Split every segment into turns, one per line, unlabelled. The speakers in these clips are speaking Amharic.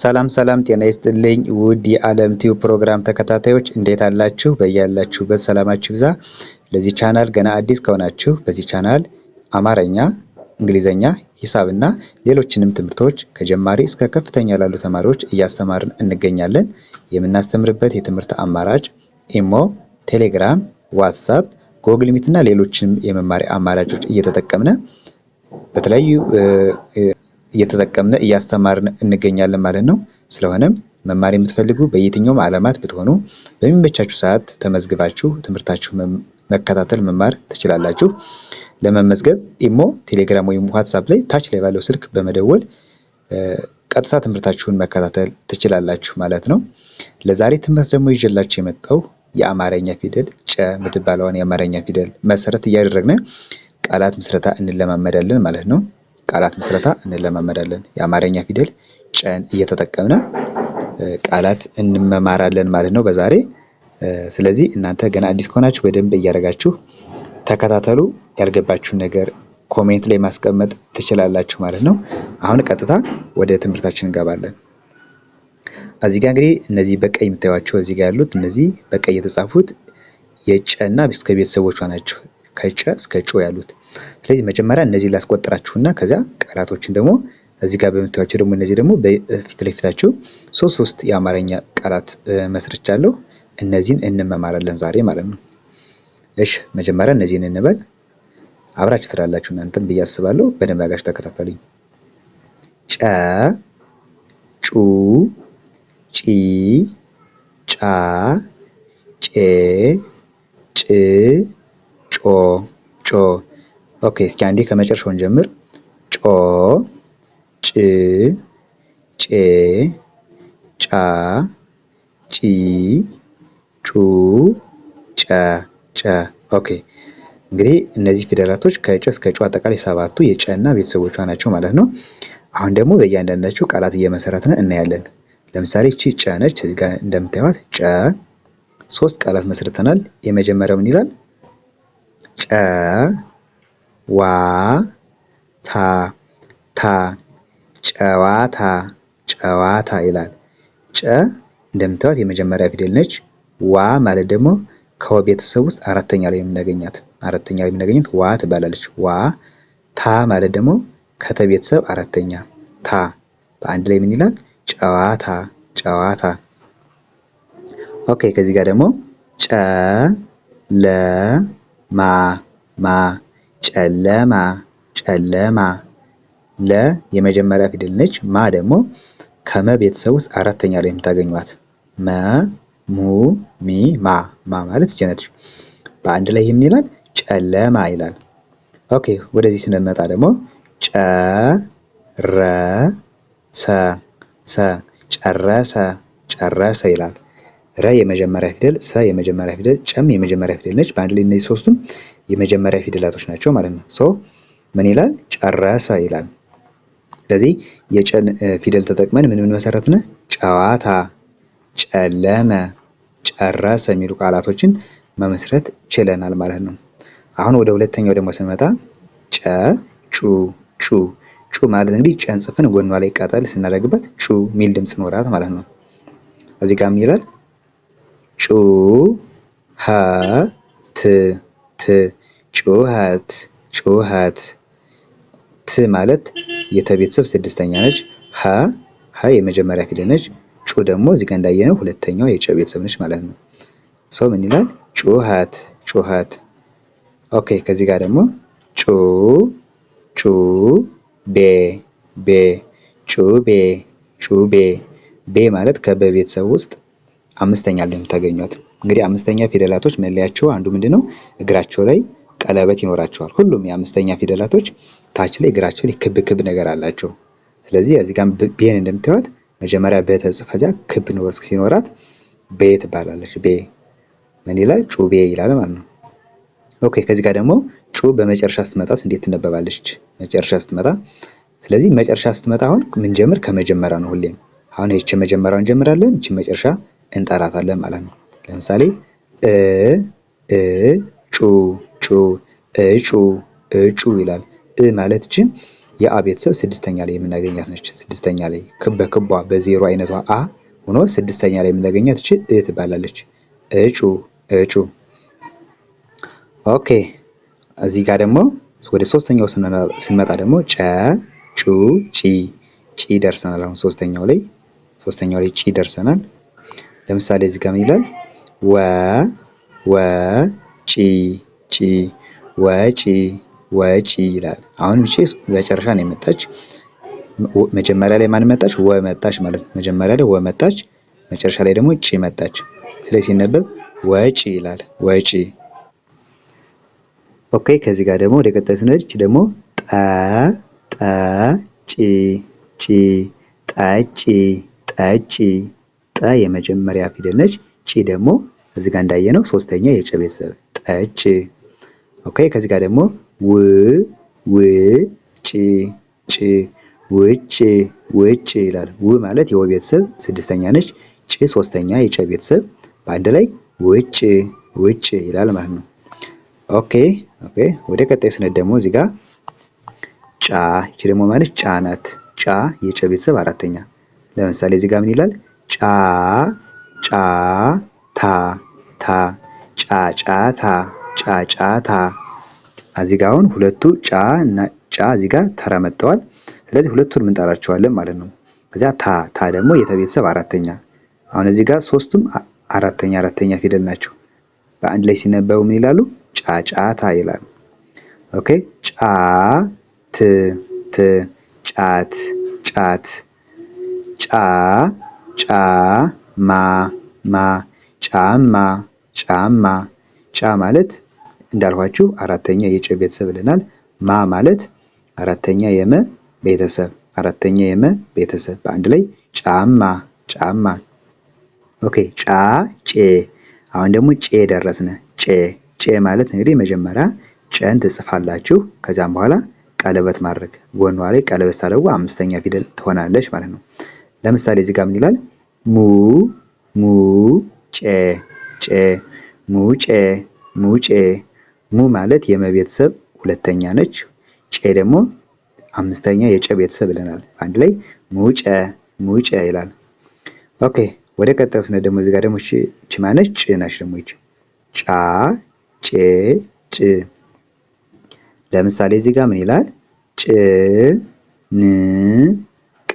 ሰላም ሰላም ጤና ይስጥልኝ ውድ የዓለም ቲዩብ ፕሮግራም ተከታታዮች እንዴት አላችሁ? በያላችሁበት ሰላማችሁ ይብዛ። ለዚህ ቻናል ገና አዲስ ከሆናችሁ በዚህ ቻናል አማርኛ፣ እንግሊዘኛ፣ ሂሳብና ሌሎችንም ትምህርቶች ከጀማሪ እስከ ከፍተኛ ላሉ ተማሪዎች እያስተማርን እንገኛለን። የምናስተምርበት የትምህርት አማራጭ ኢሞ፣ ቴሌግራም፣ ዋትሳፕ፣ ጎግል ሚት እና ሌሎችንም የመማሪያ አማራጮች እየተጠቀምነ በተለያዩ እየተጠቀምነ እያስተማርን እንገኛለን ማለት ነው። ስለሆነም መማር የምትፈልጉ በየትኛውም ዓለማት ብትሆኑ በሚመቻችሁ ሰዓት ተመዝግባችሁ ትምህርታችሁ መከታተል መማር ትችላላችሁ። ለመመዝገብ ኢሞ፣ ቴሌግራም ወይም ዋትሳፕ ላይ ታች ላይ ባለው ስልክ በመደወል ቀጥታ ትምህርታችሁን መከታተል ትችላላችሁ ማለት ነው። ለዛሬ ትምህርት ደግሞ ይዤላችሁ የመጣው የአማርኛ ፊደል ጨ የምትባለዋን የአማርኛ ፊደል መሰረት እያደረግን ቃላት ምስረታ እንለማመዳለን ማለት ነው። ቃላት ምስረታ እንለማመዳለን። የአማርኛ ፊደል ጨን እየተጠቀምነ ቃላት እንመማራለን ማለት ነው በዛሬ። ስለዚህ እናንተ ገና አዲስ ከሆናችሁ በደንብ እያደረጋችሁ ተከታተሉ። ያልገባችሁን ነገር ኮሜንት ላይ ማስቀመጥ ትችላላችሁ ማለት ነው። አሁን ቀጥታ ወደ ትምህርታችን እንገባለን። እዚህ ጋር እንግዲህ እነዚህ በቀይ የምታዩቸው እዚህ ጋር ያሉት እነዚህ በቀይ የተጻፉት የጨና እስከ ቤተሰቦቿ ናቸው። ከጨ እስከ ጮ ያሉት ስለዚህ መጀመሪያ እነዚህን ላስቆጥራችሁና ከዚያ ቃላቶችን ደግሞ እዚህ ጋር በምታዩቸው ደግሞ እነዚህ ደግሞ በፊት ለፊታችሁ ሶስት ሶስት የአማርኛ ቃላት መስርቻለሁ። እነዚህን እንመማራለን ዛሬ ማለት ነው። እሺ መጀመሪያ እነዚህን እንበል። አብራችሁ ትላላችሁ እናንተም ብዬ አስባለሁ። በደንብ አጋሽ ተከታተሉኝ። ጨ፣ ጩ፣ ጪ፣ ጫ፣ ጬ፣ ጭ፣ ጮ ጮ ኦኬ እስኪ አንዴ ከመጨረሻውን ጀምር። ጮ ጭ ጬ ጫ ጪ ጩ ጨ ጨ። ኦኬ እንግዲህ እነዚህ ፊደላቶች ከጨ እስከ ጩ አጠቃላይ ሰባቱ የጨና ቤተሰቦቿ ናቸው ማለት ነው። አሁን ደግሞ በእያንዳንዳቸው ቃላት እየመሰረትን እናያለን። ለምሳሌ ቺ ጨ ነች። እዚህ ጋር እንደምታዩት ጨ ሶስት ቃላት መስርተናል። የመጀመሪያው ምን ይላል? ጨ ዋ ታ ጨዋታ ጨዋታ ይላል። ጨ እንደምታዩት የመጀመሪያ ፊደል ነች። ዋ ማለት ደግሞ ከወ ቤተሰብ ውስጥ አራተኛ ላይ የምናገኛት አራተኛ ላይ የምናገኛት ዋ ትባላለች። ዋ ታ ማለት ደግሞ ከተ ቤተሰብ አራተኛ ታ በአንድ ላይ ምን ይላል? ጨዋታ ጨዋታ። ኦኬ ከዚህ ጋር ደግሞ ማ ማ ጨለማ ጨለማ ለ የመጀመሪያ ፊደል ነች። ማ ደግሞ ከመ ቤተሰብ ውስጥ አራተኛ ላይ የምታገኟት መ ሙ ሚ ማ ማ ማለት ጀነት በአንድ ላይ ይህምን ይላል ጨለማ ይላል። ኦኬ ወደዚህ ስንመጣ ደግሞ ጨረሰ ሰ ጨረሰ ጨረሰ ይላል። ረ የመጀመሪያ ፊደል፣ ሰ የመጀመሪያ ፊደል፣ ጨም የመጀመሪያ ፊደል ነች። በአንድ ላይ እነዚህ ሶስቱም የመጀመሪያ ፊደላቶች ናቸው ማለት ነው። ሶ ምን ይላል? ጨረሰ ይላል። ስለዚህ የጨን ፊደል ተጠቅመን ምን ምን መሰረትን? ጨዋታ፣ ጨለመ፣ ጨረሰ የሚሉ ቃላቶችን መመስረት ችለናል ማለት ነው። አሁን ወደ ሁለተኛው ደግሞ ስንመጣ ጨ፣ ጩ፣ ጩ። ጩ ማለት እንግዲህ ጨን ጽፈን ጎኗ ላይ ቀጠል ስናደርግበት ጩ የሚል ድምፅ ኖራት ማለት ነው። እዚህ ጋር ምን ይላል? ጩ ሀ ት ት ጩኸት ጩኸት ት ማለት የተቤተሰብ ስድስተኛ ነች። ሀ ሀ የመጀመሪያ ክልል ነች። ጩ ደግሞ እዚህ ጋ እንዳየነው ሁለተኛው የጨ ቤተሰብ ነች ማለት ነው። ሰው ምን ይላል? ጩኸት ጩኸት። ኦኬ ከዚህ ጋር ደግሞ ጩ ጩ ቤ ቤ ጩ ቤ ጩ ቤ ቤ ማለት ከበቤተሰብ ውስጥ አምስተኛ ልጅ የምታገኟት እንግዲህ አምስተኛ ፊደላቶች መለያቸው አንዱ ምንድነው? እግራቸው ላይ ቀለበት ይኖራቸዋል። ሁሉም የአምስተኛ ፊደላቶች ታች ላይ እግራቸው ላይ ክብ ክብ ነገር አላቸው። ስለዚህ እዚህ ጋር ቤን እንደምታዩት መጀመሪያ በተጽፋ እዚያ ክብ ኖር ሲኖራት ቤ ትባላለች። ቤ ምን ይላል? ጩቤ ይላል ማለት ነው። ኦኬ ከዚህ ጋር ደግሞ ጩ በመጨረሻ ስትመጣስ እንዴት ትነበባለች? መጨረሻ ስትመጣ ስለዚህ መጨረሻ ስትመጣ አሁን ምን ጀምር ከመጀመሪያ ነው ሁሌም። አሁን ይቺ መጀመሪያውን እንጀምራለን፣ ይቺ መጨረሻ እንጠራታለን ማለት ነው። ለምሳሌ እ እ ጩ ጩ እጩ እጩ ይላል። እ ማለት እቺ የአ ቤተሰብ ስድስተኛ ላይ የምናገኛት ነች። ስድስተኛ ላይ በክቧ በዜሮ አይነቷ አ ሆኖ ስድስተኛ ላይ የምናገኛት እቺ እ ትባላለች። እጩ እጩ። ኦኬ እዚህ ጋር ደግሞ ወደ ሶስተኛው ስንመጣ ደግሞ ጨ ጩ ጪ ጪ ደርሰናል። አሁን ሶስተኛው ላይ ሶስተኛው ላይ ጪ ደርሰናል። ለምሳሌ እዚህ ጋር ምን ይላል? ወ ወ ጪ ጪ ወጪ ወጪ ይላል። አሁን ብቻ መጨረሻ ነው የመጣች። መጀመሪያ ላይ ማን መጣች? ወ መጣች ማለት ነው። መጀመሪያ ላይ ወ መጣች፣ መጨረሻ ላይ ደግሞ ጪ መጣች። ስለዚህ ሲነበብ ወጪ ይላል። ወጪ ኦኬ። ከዚህ ጋር ደግሞ ወደ ቀጣይ ስንሄድ ደግሞ ጠ ጠ ጪ ጪ ጠጪ ጠጪ ጠ የመጀመሪያ ፊደል ነች። ጪ ደግሞ እዚህ ጋር ነው ሶስተኛ የጨ ቤተሰብ ጠጭ። ኦኬ ከዚህ ጋር ደግሞ ው ው ጭ ጭ ውጭ ውጭ ይላል። ው ማለት የወ ቤተሰብ ስድስተኛ ነች። ጭ ሶስተኛ የጨ ቤተሰብ በአንድ ላይ ውጭ ውጭ ይላል ማለት ነው። ኦኬ ኦኬ። ወደ ቀጣይ ስነት ደግሞ እዚህ ጋር ጫ ይቺ ደግሞ ማለት ጫ ናት። ጫ የጨ ቤተሰብ አራተኛ። ለምሳሌ እዚህ ጋር ምን ይላል? ጫ ጫ ታ ታ ጫጫታ ጫጫታ እዚህ አሁን ሁለቱ ጫ እና ጫ እዚህ ጋር ስለዚህ ሁለቱን ምንጠራቸዋለን ማለት ነው። እዚያ ታ ታ ደግሞ የተቤተሰብ አራተኛ። አሁን እዚህ ጋር ሶስቱም አራተኛ አራተኛ ፊደል ናቸው። በአንድ ላይ ሲነበቡ ምን ይላሉ? ጫጫታ ይላሉ። ኦኬ ጫ ት ት ጫት ጫት ጫ ጫ ማ ማ ጫማ ጫማ ጫ ማለት እንዳልኋችሁ አራተኛ የጨ ቤተሰብ ብለናል። ማ ማለት አራተኛ የመ ቤተሰብ አራተኛ የመ ቤተሰብ በአንድ ላይ ጫማ ጫማ። ኦኬ ጫ ጬ። አሁን ደግሞ ጬ ደረስነ። ጬ ጬ ማለት እንግዲህ መጀመሪያ ጨን ትጽፋላችሁ። ከዚያም በኋላ ቀለበት ማድረግ ጎኗ ላይ ቀለበት ሳደጉ አምስተኛ ፊደል ትሆናለች ማለት ነው። ለምሳሌ እዚህ ጋር ምን ይላል? ሙ ሙ ጨ ጨ ሙጨ ሙጬ ሙ ማለት የመ ቤተሰብ ሁለተኛ ነች። ጬ ደግሞ አምስተኛ የጨ ቤተሰብ ብለናል። አንድ ላይ ሙጨ ሙጨ ይላል። ኦኬ ወደ ቀጣዩ ስነ ደግሞ እዚህ ጋር ደግሞ እቺ ማነች? ጭ ናች ደግሞ ይቺ ጫ ጬ ጭ ለምሳሌ እዚህ ጋር ምን ይላል? ጭ ን ቀ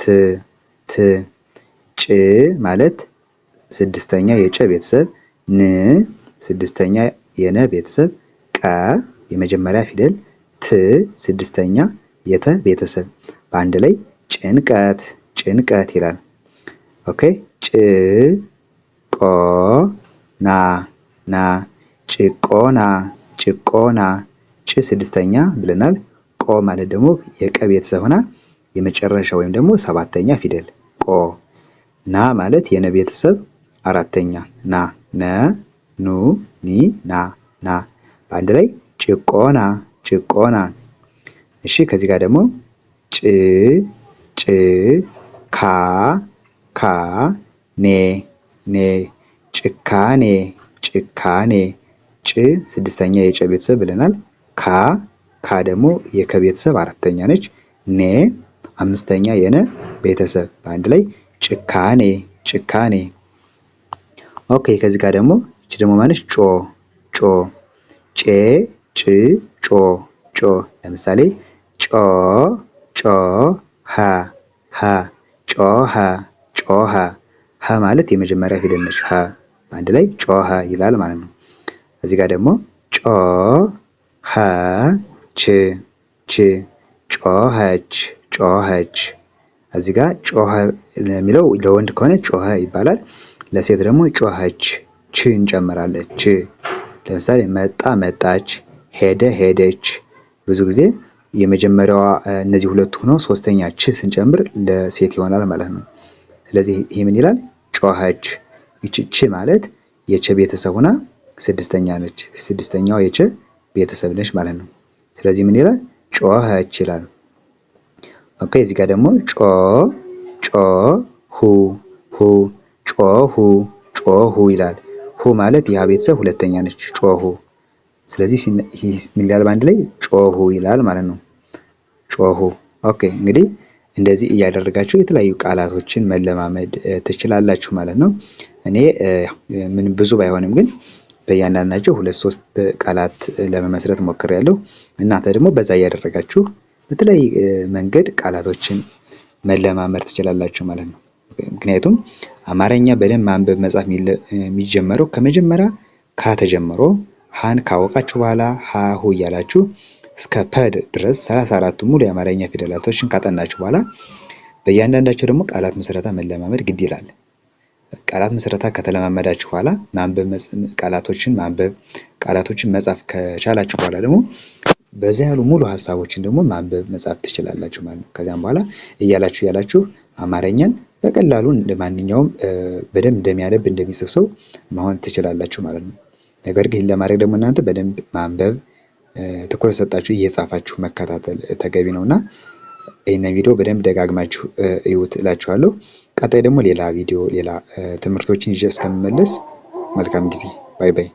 ት ት ጭ ማለት ስድስተኛ የጨ ቤተሰብ ን ስድስተኛ የነ ቤተሰብ ቀ የመጀመሪያ ፊደል ት ስድስተኛ የተ ቤተሰብ በአንድ ላይ ጭንቀት ጭንቀት ይላል። ኦኬ ጭ ቆ ና ና ጭቆና ጭቆና ጭ ስድስተኛ ብለናል። ቆ ማለት ደግሞ የቀ ቤተሰብ ሆና የመጨረሻ ወይም ደግሞ ሰባተኛ ፊደል ቆ ና ማለት የነ ቤተሰብ አራተኛ ና ነ ኑ ኒ ና ና በአንድ ላይ ጭቆና ጭቆና። እሺ ከዚህ ጋር ደግሞ ጭ ጭ ካ ካ ኔ ኔ ጭካኔ ጭካኔ ጭ ስድስተኛ የጨ ቤተሰብ ብለናል። ካ ካ ደግሞ የከ ቤተሰብ አራተኛ ነች። ኔ አምስተኛ የነ ቤተሰብ በአንድ ላይ ጭካኔ ጭካኔ ኦኬ ከዚህ ጋር ደግሞ እቺ ደግሞ ማለት ጮ ጮ ጬ ጭ ጮ ጮ ለምሳሌ ጮ ጮ ሀ ሀ ጮ ሀ ጮ ሀ ሀ ማለት የመጀመሪያ ፊደል ነች። ሀ በአንድ ላይ ጮ ሀ ይላል ማለት ነው። እዚህ ጋር ደግሞ ጮ ሀ ች ች ጮ ሀች ጮ ሀች እዚህ ጋር ጮኸ የሚለው ለወንድ ከሆነ ጮኸ ይባላል። ለሴት ደግሞ ጮኸች ች እንጨምራለን ች። ለምሳሌ መጣ መጣች፣ ሄደ ሄደች። ብዙ ጊዜ የመጀመሪያዋ እነዚህ ሁለቱ ሆኖ ሶስተኛ ች ስንጨምር ለሴት ይሆናል ማለት ነው። ስለዚህ ይህ ምን ይላል? ጮኸች። ይቺ ች ማለት የቸ ቤተሰብ ሆና ስድስተኛ ነች። ስድስተኛው የቸ ቤተሰብ ነች ማለት ነው። ስለዚህ ምን ይላል? ጮኸች ይላል። ኦኬ እዚህ ጋር ደግሞ ጮ ጮ ሁ ሁ ጮሁ ጮሁ ይላል። ሁ ማለት ያ ቤተሰብ ሁለተኛ ነች። ጮሁ። ስለዚህ ምን ባንድ ላይ ጮሁ ይላል ማለት ነው። ጮሁ። ኦኬ እንግዲህ እንደዚህ እያደረጋችሁ የተለያዩ ቃላቶችን መለማመድ ትችላላችሁ ማለት ነው። እኔ ምን ብዙ ባይሆንም ግን በእያንዳንዳቸው ሁለት ሶስት ቃላት ለመመስረት ሞክሬያለሁ። እናንተ ደግሞ በዛ እያደረጋችሁ በተለያየ መንገድ ቃላቶችን መለማመድ ትችላላችሁ ማለት ነው። ምክንያቱም አማርኛ በደንብ ማንበብ መጻፍ የሚጀመረው ከመጀመሪያ ካ ተጀምሮ ሀን ካወቃችሁ በኋላ ሀሁ እያላችሁ እስከ ፐድ ድረስ ሰላሳ አራቱ ሙሉ የአማርኛ ፊደላቶችን ካጠናችሁ በኋላ በእያንዳንዳቸው ደግሞ ቃላት ምስረታ መለማመድ ግድ ይላል። ቃላት ምስረታ ከተለማመዳችሁ በኋላ ማንበብ ቃላቶችን ማንበብ ቃላቶችን መጻፍ ከቻላችሁ በኋላ ደግሞ በዚያ ያሉ ሙሉ ሀሳቦችን ደግሞ ማንበብ መጻፍ ትችላላችሁ ማለት ነው። ከዚያም በኋላ እያላችሁ እያላችሁ አማርኛን በቀላሉ እንደማንኛውም በደንብ እንደሚያነብ እንደሚሰብሰው መሆን ትችላላችሁ ማለት ነው። ነገር ግን ለማድረግ ደግሞ እናንተ በደንብ ማንበብ ትኩረት ሰጣችሁ እየጻፋችሁ መከታተል ተገቢ ነው እና ይህን ቪዲዮ በደንብ ደጋግማችሁ እዩት እላችኋለሁ። ቀጣይ ደግሞ ሌላ ቪዲዮ ሌላ ትምህርቶችን ይዤ እስከምመለስ መልካም ጊዜ። ባይ ባይ።